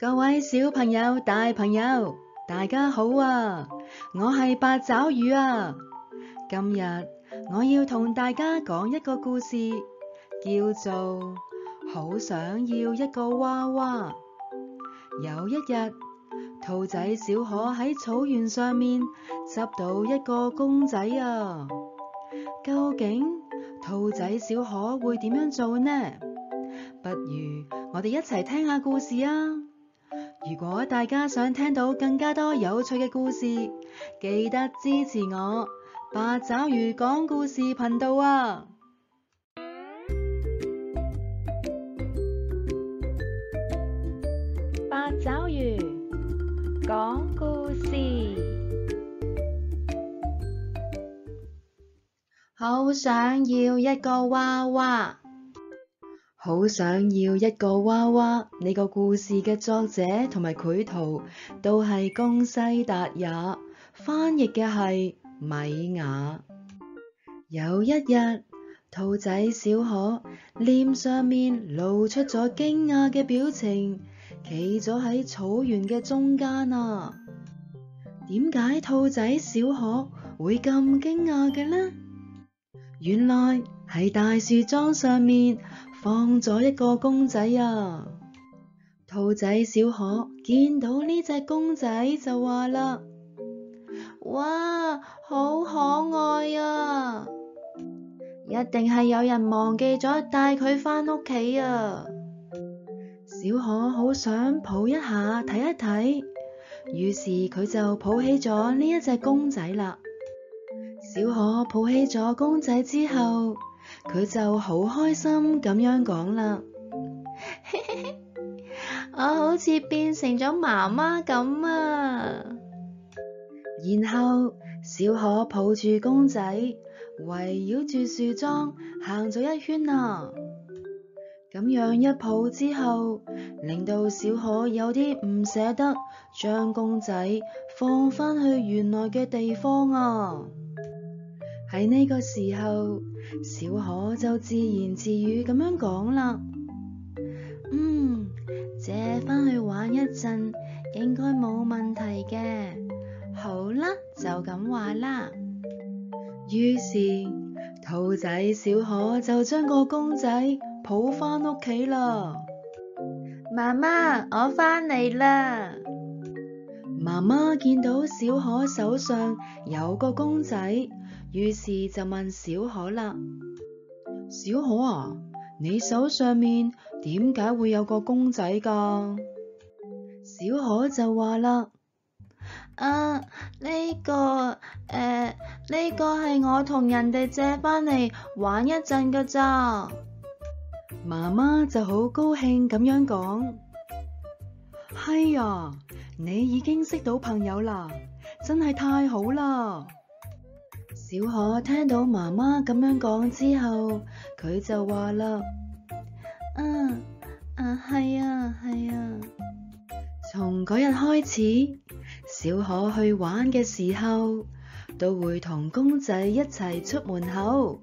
各位小朋友、大朋友，大家好啊！我係八爪魚啊！今日我要同大家講一個故事，叫做《好想要一個娃娃》。有一日，兔仔小可喺草原上面執到一個公仔啊！究竟兔仔小可會點樣做呢？不如我哋一齊聽下故事啊！如果大家想聽到更加多有趣嘅故事，記得支持我八爪魚講故事頻道啊！八爪魚講故事，好想要一個娃娃。好想要一個娃娃。呢個故事嘅作者同埋繪圖都係宮西達也，翻譯嘅係米雅。有一日，兔仔小可臉上面露出咗驚訝嘅表情，企咗喺草原嘅中間啊。點解兔仔小可會咁驚訝嘅呢？原來喺大樹樁上面放咗一個公仔啊！兔仔小可見到呢隻公仔就話啦，哇，好可愛啊！一定係有人忘記咗帶佢返屋企啊！小可好想抱一下睇一睇，於是佢就抱起咗呢一隻公仔啦。小可抱起咗公仔之後，佢就好開心咁樣講啦，嘿嘿嘿，我好似變成咗媽媽咁啊！然後小可抱住公仔，圍繞住樹樁行咗一圈啊！咁樣一抱之後，令到小可有啲唔捨得將公仔放返去原來嘅地方啊！喺呢個時候，小可就自言自語咁樣講啦：嗯，借翻去玩一陣，應該冇問題嘅。好啦，就咁話啦。於是，兔仔小可就將個公仔抱翻屋企啦。媽媽，我翻嚟啦。媽媽見到小可手上有個公仔。於是就問小可啦：，小可啊，你手上面點解會有個公仔噶？小可就話啦：，啊，呢、呢個誒，呢、呃呢個係我同人哋借翻嚟玩一陣噶咋。媽媽就好高興咁樣講：，係啊、哎，你已經識到朋友啦，真係太好啦！小可聽到媽媽咁樣講之後，佢就話啦、啊：，啊啊，係啊係啊！從嗰日開始，小可去玩嘅時候都會同公仔一齊出門口。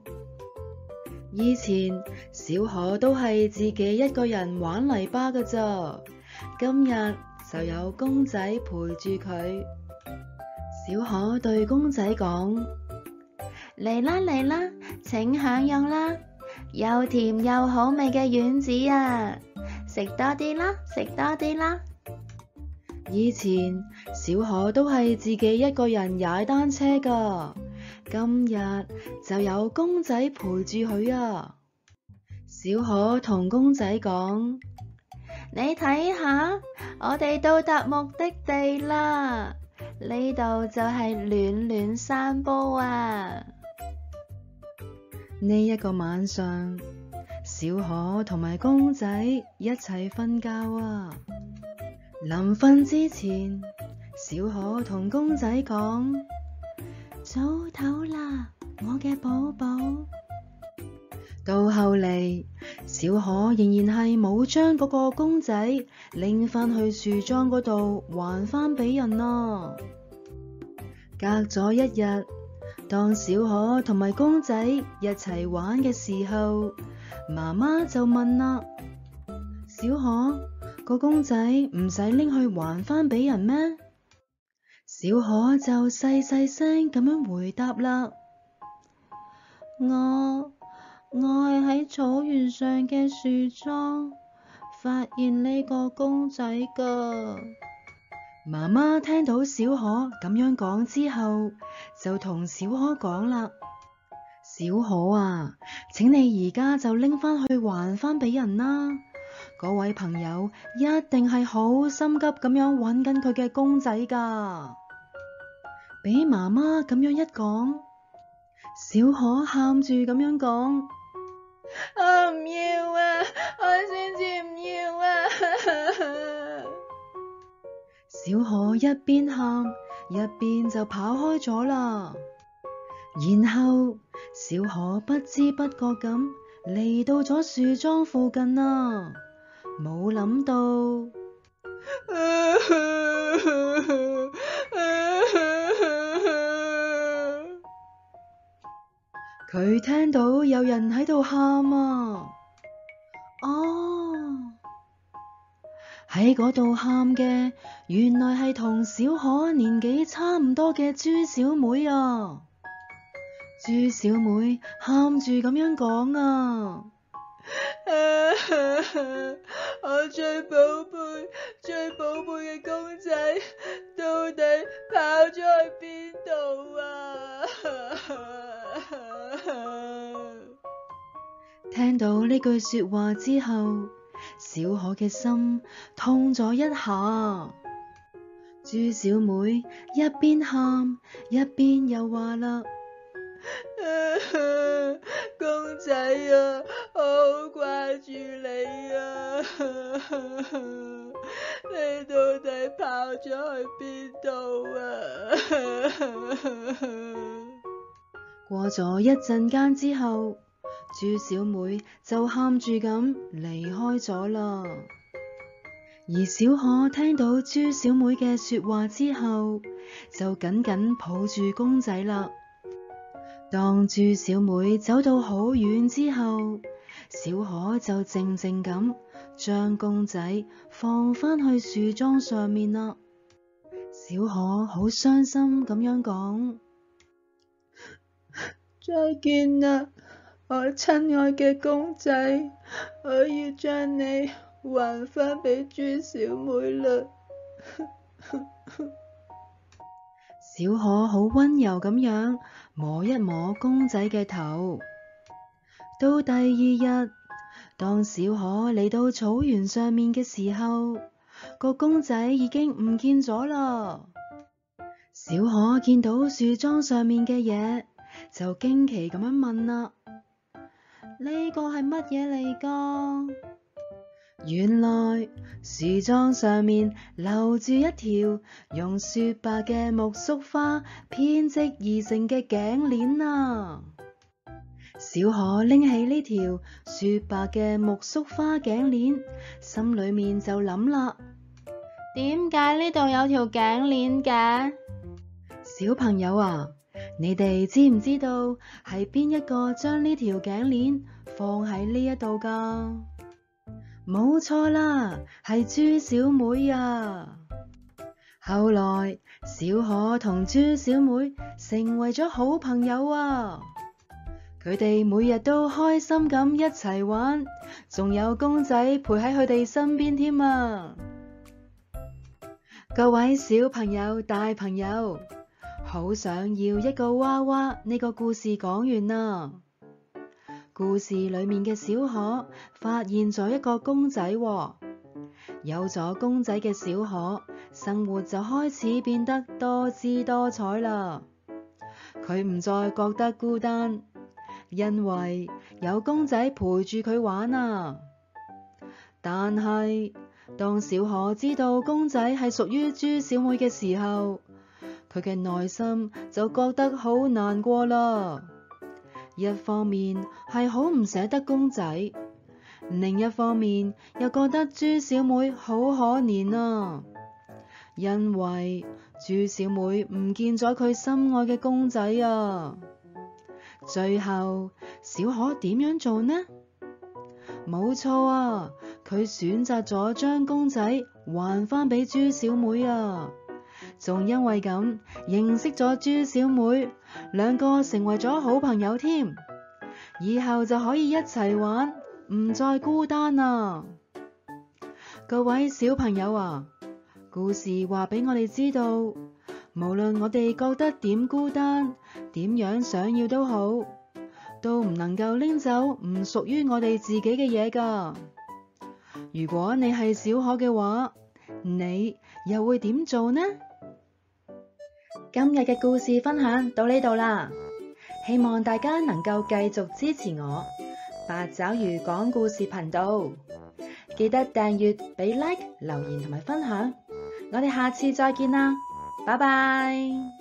以前小可都係自己一個人玩泥巴嘅咋，今日就有公仔陪住佢。小可對公仔講。嚟啦嚟啦，請享用啦，又甜又好味嘅丸子啊！食多啲啦，食多啲啦。以前小可都係自己一個人踩單車噶，今日就有公仔陪住佢啊。小可同公仔講：你睇下，我哋到達目的地啦，呢度就係暖暖山坡啊！呢一個晚上，小可同埋公仔一齊瞓覺啊！臨瞓之前，小可同公仔講：早唞啦，我嘅寶寶。到後嚟，小可仍然係冇將嗰個公仔拎返去樹樁嗰度還返俾人咯啊。隔咗一日。當小可同埋公仔一齊玩嘅時候，媽媽就問啦：小可，個公仔唔使拎去還翻俾人咩？小可就細細聲咁樣回答啦：我，我係喺草原上嘅樹樁發現呢個公仔㗎。媽媽聽到小可咁樣講之後，就同小可講啦：小可啊，請你而家就拎翻去還翻俾人啦。位朋友一定係好心急咁樣搵緊佢嘅公仔噶。俾媽媽咁樣一講，小可喊住咁樣講： 我唔要啊，我先至。小可一邊喊，一邊就跑開咗啦。然後，小可不知不覺咁嚟到咗樹樁附近啦，啊，冇諗到，佢 聽到有人喺度喊啊！哦、啊。喺嗰度喊嘅，原來係同小可年紀差唔多嘅豬小妹啊！豬小妹喊住咁樣講啊，啊，啊，我最寶貝、最寶貝嘅公仔到底跑咗去邊度啊？啊啊啊聽到呢句說話之後。小可嘅心痛咗一下，朱小妹一邊喊一邊又話啦： 公仔啊，好掛住你啊， 你到底跑咗去邊度啊？ 過咗一陣間之後。豬小妹就喊住咁離開咗啦，而小可聽到豬小妹嘅說話之後，就緊緊抱住公仔啦。當豬小妹走到好遠之後，小可就靜靜咁將公仔放返去樹樁上面啦。小可好傷心咁樣講：「 再見啦！我親愛嘅公仔，我要將你還翻俾豬小妹啦！ 小可好温柔咁樣摸一摸公仔嘅頭。到第二日，當小可嚟到草原上面嘅時候，個公仔已經唔見咗啦。小可見到樹樁上面嘅嘢，就驚奇咁樣問啦。呢個係乜嘢嚟噶？原來樹樁上面留住一條用雪白嘅苜蓿花編織而成嘅頸鏈啊！小可拎起呢條雪白嘅苜蓿花頸鏈，心裏面就諗啦：點解呢度有條頸鏈嘅？小朋友啊！你哋知唔知道係邊一個將呢條頸鏈放喺呢一度噶？冇錯啦，係豬小妹呀、啊。後來小可同豬小妹成為咗好朋友啊！佢哋每日都開心咁一齊玩，仲有公仔陪喺佢哋身邊添啊！各位小朋友、大朋友。好想要一個娃娃。呢個故事講完啦。故事裏面嘅小可發現咗一個公仔，有咗公仔嘅小可，生活就開始變得多姿多彩啦。佢唔再覺得孤單，因為有公仔陪住佢玩啊。但係當小可知道公仔係屬於豬小妹嘅時候，佢嘅內心就覺得好難過啦，一方面係好唔捨得公仔，另一方面又覺得豬小妹好可憐啊，因為豬小妹唔見咗佢心愛嘅公仔啊。最後小可點樣做呢？冇錯啊，佢選擇咗將公仔還返俾豬小妹啊。仲因為咁認識咗豬小妹，兩個成為咗好朋友添，以後就可以一齊玩，唔再孤單啦。各位小朋友啊，故事話俾我哋知道，無論我哋覺得點孤單，點樣想要都好，都唔能夠拎走唔屬於我哋自己嘅嘢㗎。如果你係小可嘅話，你又會點做呢？今日嘅故事分享到呢度啦，希望大家能夠繼續支持我八爪魚講故事頻道，記得訂閱、俾 like、留言同埋分享，我哋下次再見啦，拜拜。